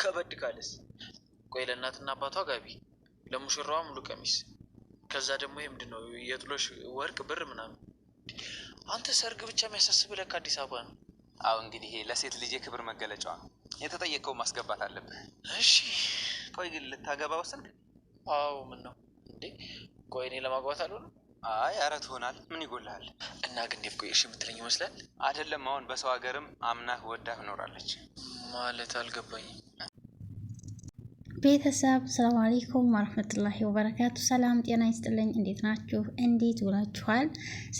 ከበድ ካለስ ቆይ ለእናትና አባቷ ጋቢ፣ ለሙሽራዋ ሙሉ ቀሚስ፣ ከዛ ደግሞ ይህ ምንድን ነው የጥሎሽ ወርቅ ብር ምናምን። አንተ ሰርግ ብቻ የሚያሳስብ ለካ አዲስ አበባ ነው። አዎ እንግዲህ ይሄ ለሴት ልጅ የክብር መገለጫዋ ነው። የተጠየቀው ማስገባት አለብህ። እሺ ቆይ ግን ልታገባ ወሰንክ? አዎ ምን ነው እንዴ? ቆይ እኔ ለማግባት አልሆነ። አይ አረ ትሆናል፣ ምን ይጎልሃል? እና ግን ዴፍ ቆይ እሺ የምትለኝ ይመስላል። አይደለም አሁን በሰው ሀገርም አምናህ ወዳህ እኖራለች ማለት አልገባኝም። ቤተሰብ ሰላም አለይኩም ወረህመቱላሂ ወበረካቱ። ሰላም ጤና ይስጥልኝ። እንዴት ናችሁ? እንዴት ውላችኋል?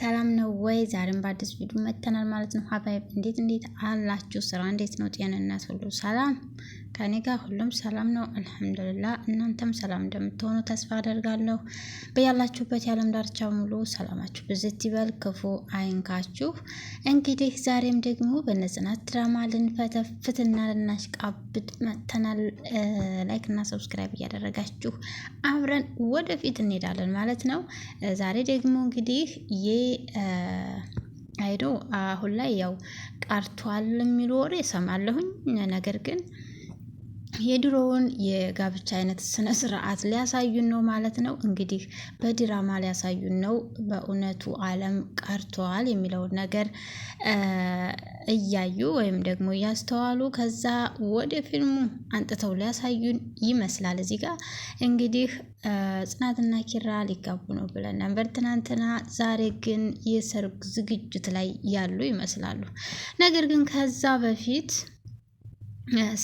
ሰላም ነው ወይ? ዛሬም በአዲስ ቪዲዮ መጥተናል ማለት ነው። ሀባይብ እንዴት እንዴት አላችሁ? ስራ እንዴት ነው? ጤንነት ሁሉ ሰላም ከኔ ጋር ሁሉም ሰላም ነው አልሐምዱልላህ። እናንተም ሰላም እንደምትሆኑ ተስፋ አደርጋለሁ። በያላችሁበት የዓለም ዳርቻ ሙሉ ሰላማችሁ ብዝት ይበል፣ ክፉ አይንካችሁ። እንግዲህ ዛሬም ደግሞ በነጽናት ድራማ ልንፈተፍትና ልናሽቃብጥ መጥተናል። እና ሰብስክራይብ እያደረጋችሁ አብረን ወደፊት እንሄዳለን ማለት ነው። ዛሬ ደግሞ እንግዲህ የ አይዶ አሁን ላይ ያው ቀርቷል የሚል ወሬ እሰማለሁኝ ነገር ግን የድሮውን የጋብቻ አይነት ስነ ስርዓት ሊያሳዩን ነው ማለት ነው። እንግዲህ በድራማ ሊያሳዩን ነው። በእውነቱ ዓለም ቀርተዋል የሚለውን ነገር እያዩ ወይም ደግሞ እያስተዋሉ ከዛ ወደ ፊልሙ አንጥተው ሊያሳዩን ይመስላል። እዚህ ጋር እንግዲህ ጽናትና ኪራ ሊጋቡ ነው ብለን ነበር ትናንትና። ዛሬ ግን የሰርግ ዝግጅት ላይ ያሉ ይመስላሉ። ነገር ግን ከዛ በፊት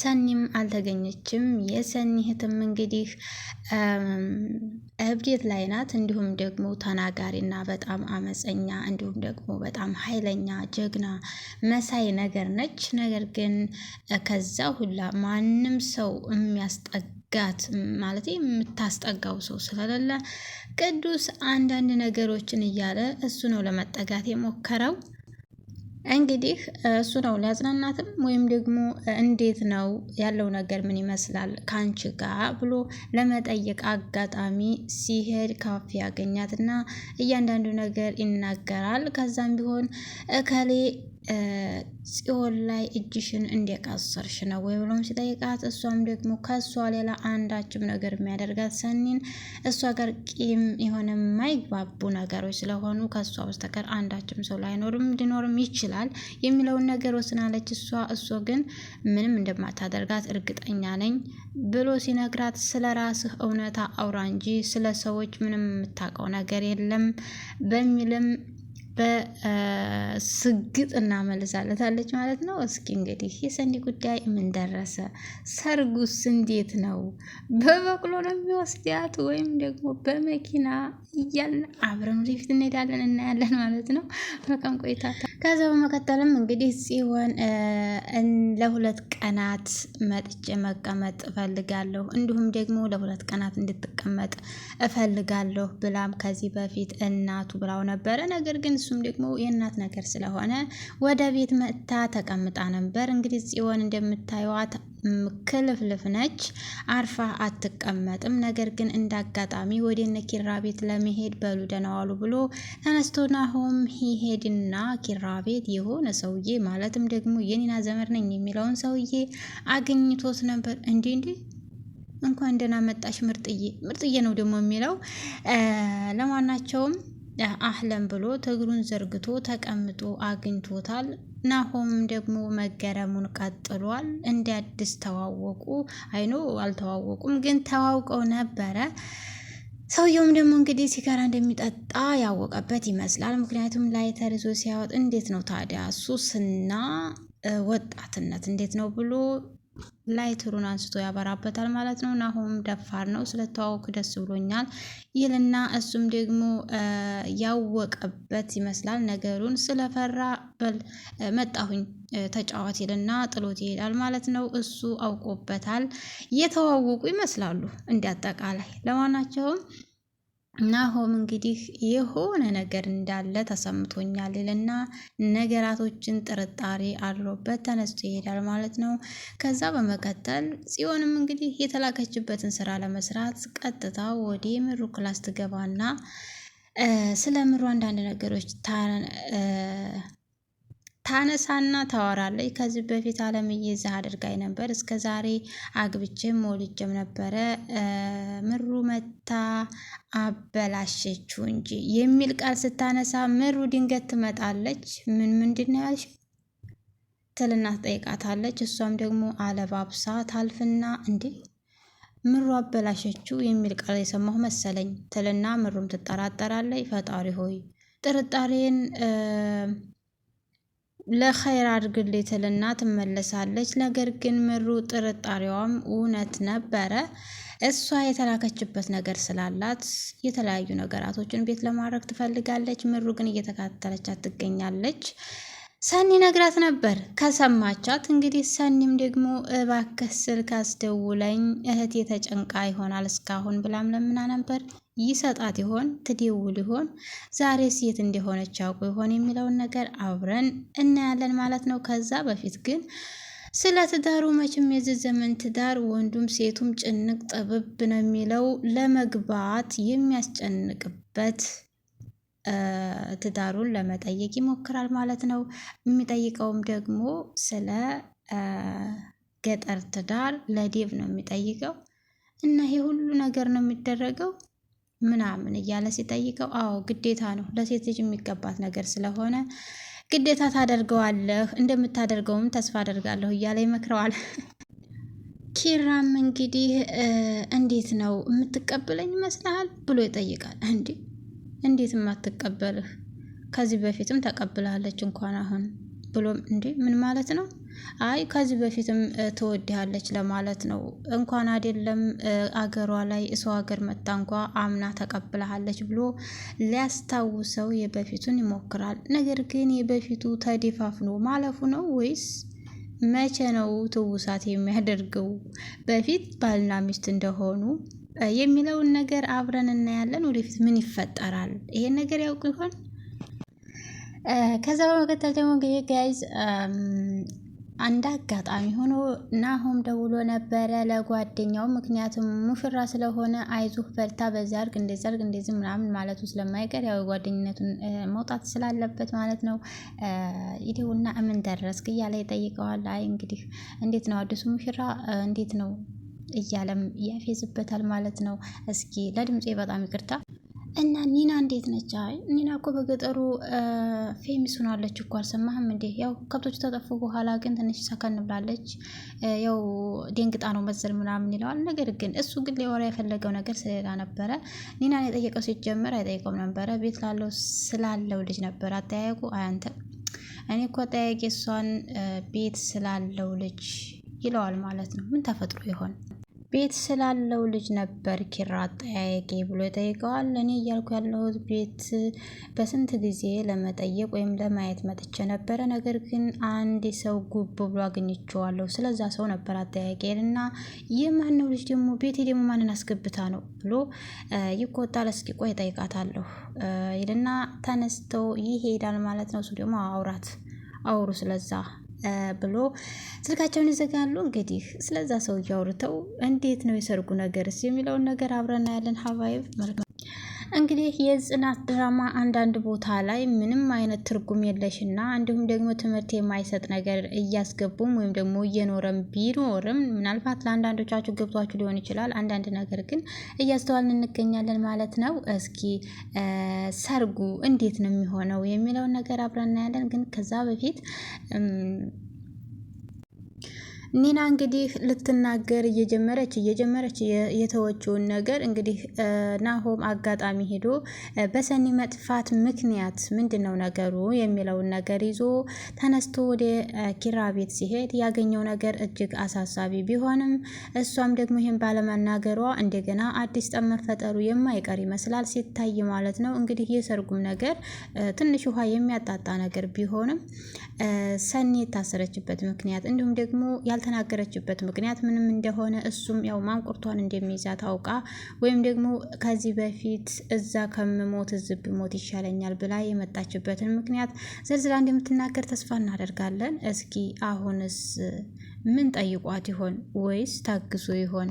ሰኒም አልተገኘችም። የሰኒ እህትም እንግዲህ እብዴት ላይ ናት። እንዲሁም ደግሞ ተናጋሪና በጣም አመፀኛ እንዲሁም ደግሞ በጣም ኃይለኛ ጀግና መሳይ ነገር ነች። ነገር ግን ከዛ ሁላ ማንም ሰው የሚያስጠጋት ማለት የምታስጠጋው ሰው ስለሌለ ቅዱስ አንዳንድ ነገሮችን እያለ እሱ ነው ለመጠጋት የሞከረው። እንግዲህ እሱ ነው ሊያጽናናትም ወይም ደግሞ እንዴት ነው ያለው ነገር ምን ይመስላል ከአንቺ ጋር ብሎ ለመጠየቅ አጋጣሚ ሲሄድ ካፌ ያገኛትና እያንዳንዱ ነገር ይናገራል። ከዛም ቢሆን እከሌ ጽዮን ላይ እጅሽን እንደቃሰርሽ ነው ወይ ብሎም ሲጠይቃት እሷም ደግሞ ከእሷ ሌላ አንዳችም ነገር የሚያደርጋት ሰኒን እሷ ጋር ቂም የሆነ የማይግባቡ ነገሮች ስለሆኑ ከእሷ በስተቀር አንዳችም ሰው ላይኖርም ሊኖርም ይችላል የሚለውን ነገር ወስናለች። እሷ እሱ ግን ምንም እንደማታደርጋት እርግጠኛ ነኝ ብሎ ሲነግራት ስለ ራስህ እውነታ አውራ እንጂ ስለ ሰዎች ምንም የምታውቀው ነገር የለም በሚልም በስግጥ እናመልሳለታለች ማለት ነው። እስኪ እንግዲህ የሰኒ ጉዳይ ምን ደረሰ? ሰርጉስ እንዴት ነው? በበቅሎ ነው የሚወስዳት ወይም ደግሞ በመኪና እያልን አብረን ወደፊት እንሄዳለን እናያለን ማለት ነው። መልካም ቆይታ ከዛ በመቀጠልም እንግዲህ ጽዮን ለሁለት ቀናት መጥቼ መቀመጥ እፈልጋለሁ፣ እንዲሁም ደግሞ ለሁለት ቀናት እንድትቀመጥ እፈልጋለሁ ብላም ከዚህ በፊት እናቱ ብላው ነበረ። ነገር ግን እሱም ደግሞ የእናት ነገር ስለሆነ ወደ ቤት መጥታ ተቀምጣ ነበር። እንግዲህ ጽዮን እንደምታየዋት ክልፍልፍ ነች። አርፋ አትቀመጥም። ነገር ግን እንዳጋጣሚ ወደ እነ ኪራ ቤት ለመሄድ በሉ ደህና ዋሉ ብሎ ተነስቶ ናሆም ሂሄድና ኪራ ቤት የሆነ ሰውዬ ማለትም ደግሞ የኔና ዘመር ነኝ የሚለውን ሰውዬ አግኝቶት ነበር። እንዲ እንዲ እንኳን ደህና መጣሽ ምርጥዬ፣ ምርጥዬ ነው ደግሞ የሚለው ለማናቸውም አህለም ብሎ እግሩን ዘርግቶ ተቀምጦ አግኝቶታል። ናሆም ደግሞ መገረሙን ቀጥሏል። እንደ አዲስ ተዋወቁ። አይኖ አልተዋወቁም፣ ግን ተዋውቀው ነበረ። ሰውየውም ደግሞ እንግዲህ ሲጋራ እንደሚጠጣ ያወቀበት ይመስላል። ምክንያቱም ላይተር ይዞ ሲያወጥ እንዴት ነው ታዲያ ሱስና ወጣትነት እንዴት ነው ብሎ ላይትሩን አንስቶ ያበራበታል ማለት ነው። ናሆም ደፋር ነው፣ ስለተዋወክ ደስ ብሎኛል ይልና እሱም ደግሞ ያወቀበት ይመስላል ነገሩን ስለፈራ በል መጣሁኝ ተጫዋት ይልና ጥሎት ይሄዳል ማለት ነው። እሱ አውቆበታል፣ የተዋወቁ ይመስላሉ እንዲያጠቃላይ አጠቃላይ ለማናቸውም ናሆም እንግዲህ የሆነ ነገር እንዳለ ተሰምቶኛል ልና ነገራቶችን ጥርጣሬ አድሮበት ተነስቶ ይሄዳል ማለት ነው። ከዛ በመቀጠል ጽዮንም እንግዲህ የተላከችበትን ስራ ለመስራት ቀጥታ ወደ ምሩ ክላስ ትገባና ስለ ምሩ አንዳንድ ነገሮች ታነሳና ታወራለች። ከዚህ በፊት አለምዬ እዚህ አድርጋኝ ነበር። እስከ ዛሬ አግብቼም ወልጄም ነበረ። ምሩ መታ አበላሸችው እንጂ የሚል ቃል ስታነሳ ምሩ ድንገት ትመጣለች። ምን ምንድን ነው ያልሽ? ትልና ትጠይቃታለች። እሷም ደግሞ አለባብሳ ታልፍና እንዴ ምሩ አበላሸችው የሚል ቃል የሰማሁ መሰለኝ ትልና ምሩም ትጠራጠራለች። ፈጣሪ ሆይ ጥርጣሬን ለኸይር አድርግልኝ ትልና ትመለሳለች። ነገር ግን ምሩ ጥርጣሬዋም እውነት ነበረ። እሷ የተላከችበት ነገር ስላላት የተለያዩ ነገራቶችን ቤት ለማድረግ ትፈልጋለች። ምሩ ግን እየተከታተለቻት ትገኛለች። ሰኒ ነግራት ነበር ከሰማቻት። እንግዲህ ሰኒም ደግሞ እባክህ ስልክ አስደውለኝ እህቴ ተጨንቃ ይሆናል እስካሁን ብላም ለምና ነበር። ይሰጣት ይሆን ትደውል ይሆን ዛሬ ሴት እንደሆነች ያውቁ ይሆን የሚለውን ነገር አብረን እናያለን ማለት ነው። ከዛ በፊት ግን ስለ ትዳሩ መቼም የዚህ ዘመን ትዳር ወንዱም ሴቱም ጭንቅ ጥብብ ነው የሚለው ለመግባት የሚያስጨንቅበት ትዳሩን ለመጠየቅ ይሞክራል ማለት ነው። የሚጠይቀውም ደግሞ ስለ ገጠር ትዳር ለዴቭ ነው የሚጠይቀው እና ይሄ ሁሉ ነገር ነው የሚደረገው ምናምን እያለ ሲጠይቀው፣ አዎ ግዴታ ነው ለሴት ልጅ የሚገባት ነገር ስለሆነ ግዴታ ታደርገዋለህ፣ እንደምታደርገውም ተስፋ አደርጋለሁ እያለ ይመክረዋል። ኪራም እንግዲህ እንዴት ነው የምትቀበለኝ ይመስልሃል ብሎ ይጠይቃል። እንዲህ እንዴትም አትቀበልህ ከዚህ በፊትም ተቀብላለች እንኳን አሁን ብሎም እንዴ ምን ማለት ነው? አይ ከዚህ በፊትም ትወድሃለች ለማለት ነው። እንኳን አይደለም አገሯ ላይ እሰው ሀገር መጣ እንኳ አምና ተቀብላለች ብሎ ሊያስታውሰው የበፊቱን ይሞክራል። ነገር ግን የበፊቱ ተደፋፍኖ ማለፉ ነው ወይስ መቼ ነው ትውሳት የሚያደርገው? በፊት ባልና ሚስት እንደሆኑ የሚለውን ነገር አብረን እናያለን። ወደፊት ምን ይፈጠራል? ይሄን ነገር ያውቁ ይሆን? ከዛ በመቀጠል ደግሞ እንግዲህ ጋይዝ አንድ አጋጣሚ ሆኖ ናሆም ደውሎ ነበረ ለጓደኛው። ምክንያቱም ሙሽራ ስለሆነ አይዞህ በርታ፣ በዚህ አድርግ፣ እንደዚ አድርግ፣ እንደዚህ ምናምን ማለቱ ስለማይቀር ያው ጓደኝነቱን መውጣት ስላለበት ማለት ነው። ይደውና እምን ደረስክ እያለ ይጠይቀዋል። አይ እንግዲህ እንዴት ነው አዲሱ ሙሽራ እንዴት ነው እያለም ያፌዝበታል ማለት ነው። እስኪ ለድምፄ በጣም ይቅርታ። እና ኒና እንዴት ነች? አይ ኒና እኮ በገጠሩ ፌሚስ ሆናለች እኮ አልሰማህም እንዴ? ያው ከብቶቹ ተጠፉ በኋላ ግን ትንሽ ሰከን ብላለች። ያው ደንግጣ ነው መሰል ምናምን ይለዋል። ነገር ግን እሱ ግን ሊወራ የፈለገው ነገር ስለሌላ ነበረ። ኒናን የጠየቀው ሲጀመር አይጠይቀውም ነበረ። ቤት ላለው ስላለው ልጅ ነበረ አጠያየቁ። አያንተ እኔ እኮ ጠያቄ እሷን ቤት ስላለው ልጅ ይለዋል ማለት ነው። ምን ተፈጥሮ ይሆን? ቤት ስላለው ልጅ ነበር ኪራ አጠያየቄ ብሎ ይጠይቀዋል። እኔ እያልኩ ያለሁት ቤት በስንት ጊዜ ለመጠየቅ ወይም ለማየት መጥቼ ነበረ። ነገር ግን አንድ ሰው ጉብ ብሎ አግኝቼዋለሁ። ስለዛ ሰው ነበር አጠያየቄን እና የማን ነው ልጅ ደግሞ ቤቴ ደግሞ ማንን አስገብታ ነው ብሎ ይቆጣል። እስኪ ቆይ እጠይቃታለሁ ይልና ተነስተው ይሄዳል ማለት ነው። እሱ ደግሞ አውራት አውሩ ስለዛ ብሎ ስልካቸውን ይዘጋሉ። እንግዲህ ስለዛ ሰው እያውርተው እንዴት ነው የሰርጉ ነገርስ የሚለውን ነገር አብረና ያለን ሀባይብ መልካም እንግዲህ የጽናት ድራማ አንዳንድ ቦታ ላይ ምንም አይነት ትርጉም የለሽና እንዲሁም ደግሞ ትምህርት የማይሰጥ ነገር እያስገቡም ወይም ደግሞ እየኖረም ቢኖርም ምናልባት ለአንዳንዶቻችሁ ገብቷችሁ ሊሆን ይችላል። አንዳንድ ነገር ግን እያስተዋልን እንገኛለን ማለት ነው። እስኪ ሰርጉ እንዴት ነው የሚሆነው የሚለውን ነገር አብረን እናያለን። ግን ከዛ በፊት ኒና እንግዲህ ልትናገር እየጀመረች እየጀመረች የተወችውን ነገር እንግዲህ ናሆም አጋጣሚ ሄዶ በሰኒ መጥፋት ምክንያት ምንድን ነው ነገሩ የሚለውን ነገር ይዞ ተነስቶ ወደ ኪራ ቤት ሲሄድ ያገኘው ነገር እጅግ አሳሳቢ ቢሆንም እሷም ደግሞ ይህን ባለመናገሯ እንደገና አዲስ ጠብ መፈጠሩ የማይቀር ይመስላል ሲታይ ማለት ነው። እንግዲህ የሰርጉም ነገር ትንሽ ውሃ የሚያጣጣ ነገር ቢሆንም ሰኒ የታሰረችበት ምክንያት እንዲሁም ደግሞ ያልተናገረችበት ምክንያት ምንም እንደሆነ እሱም ያው ማንቁርቷን እንደሚይዛት አውቃ ወይም ደግሞ ከዚህ በፊት እዛ ከምሞት እዚህ ብሞት ይሻለኛል ብላ የመጣችበትን ምክንያት ዘርዝራ እንደምትናገር ተስፋ እናደርጋለን። እስኪ አሁንስ ምን ጠይቋት ይሆን ወይስ ታግሶ ይሆን?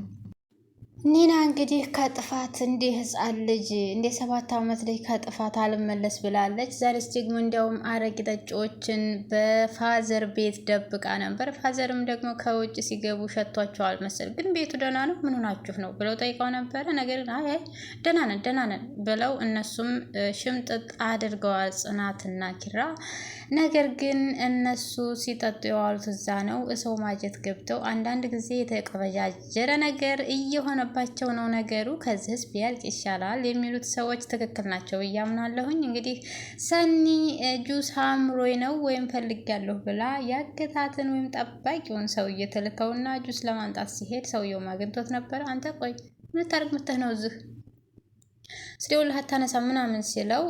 ኒና እንግዲህ ከጥፋት እንዲህ ህፃን ልጅ እንደ ሰባት ዓመት ልጅ ከጥፋት አልመለስ ብላለች። ዛሬስ ደግሞ እንዲያውም አረቂ ጠጪዎችን በፋዘር ቤት ደብቃ ነበር። ፋዘርም ደግሞ ከውጭ ሲገቡ ሸቷቸዋል መሰል፣ ግን ቤቱ ደህና ነው ምን ሆናችሁ ነው ብለው ጠይቀው ነበረ። ነገር ግን አይ ደህና ነን ደህና ነን ብለው እነሱም ሽምጥጥ አድርገዋል ጽናትና ኪራ። ነገር ግን እነሱ ሲጠጡ የዋሉት እዛ ነው። ሰው ማጀት ገብተው አንዳንድ ጊዜ የተቀበጃጀረ ነገር እየሆነ ስለሆነባቸው ነው ነገሩ። ከዚህስ ቢያልቅ ይሻላል የሚሉት ሰዎች ትክክል ናቸው እያምናለሁኝ። እንግዲህ ሰኒ ጁስ አምሮኝ ነው ወይም ፈልጊያለሁ ብላ ያገታትን ወይም ጠባቂውን ሰው እየተልከውና ጁስ ለማምጣት ሲሄድ ሰውየው አግኝቶት ነበር። አንተ ቆይ ምን ምትህ ነው እዚህ ስደውልልህ አታነሳም ምናምን ሲለው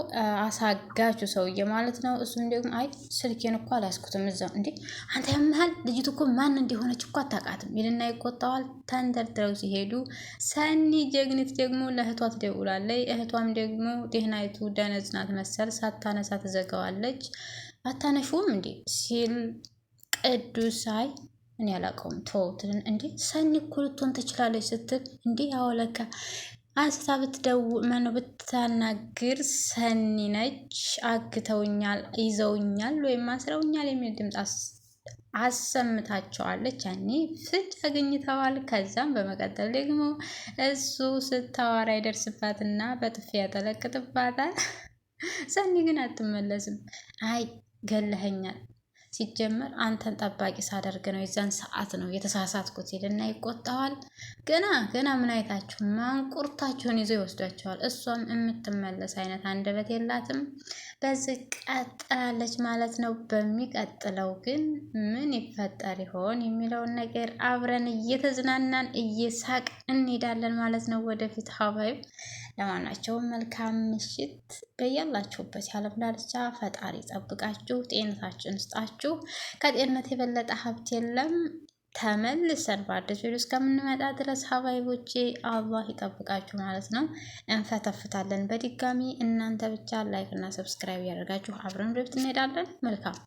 አሳጋቹ ሰውዬ ማለት ነው። እሱም ደግሞ አይ ስልኬን እኮ አላስኩትም እዛው። እንዴ አንተ ያምሃል ልጅቱ እኮ ማን እንደሆነች እኮ አታውቃትም ይልና ይቆጣዋል። ተንደርድረው ሲሄዱ ሰኒ ጀግኒት ደግሞ ለእህቷ ትደውላለች። እህቷም ደግሞ ደህናይቱ ደነዝናት መሰል ሳታነሳ ትዘጋዋለች። አታነሹም እንዴ ሲል ቅዱስ አይ እኔ አላውቀውም ተወውትልን እንዴ ሰኒ እኮ ልትሆን ትችላለች ስትል እንዴ አወለካ አንስታ ብትደው መኖ ብታናግር ሰኒ ነች፣ አግተውኛል፣ ይዘውኛል ወይም አስረውኛል የሚል ድምፅ አሰምታቸዋለች። ያኔ ፍንጭ አግኝተዋል። ከዛም በመቀጠል ደግሞ እሱ ስታወራ ይደርስባትና በጥፊ ያጠለቅጥባታል። ሰኒ ግን አትመለስም። አይ ገለኸኛል ሲጀመር አንተን ጠባቂ ሳደርግ ነው የዛን ሰዓት ነው የተሳሳትኩት ይልና ይቆጣዋል። ገና ገና ምን አይታችሁ ማንቁርታችሁን ይዞ ይወስዷቸዋል። እሷም የምትመለስ አይነት አንደበት የላትም። በዚህ ቀጥላለች ማለት ነው። በሚቀጥለው ግን ምን ይፈጠር ይሆን የሚለውን ነገር አብረን እየተዝናናን እየሳቅ እንሄዳለን ማለት ነው ወደፊት ሀባይብ ለማናቸውም መልካም ምሽት በያላችሁበት የዓለም ዳርቻ ፈጣሪ ጠብቃችሁ ጤንነታችሁን ስጣችሁ። ከጤንነት የበለጠ ሀብት የለም። ተመልሰን በአዲስ ቪዲዮ እስከምንመጣ ድረስ ሀባይቦቼ አላህ ይጠብቃችሁ ማለት ነው። እንፈተፍታለን በድጋሚ እናንተ ብቻ ላይክ እና ሰብስክራይብ ያደርጋችሁ አብረን ድርብት እንሄዳለን። መልካም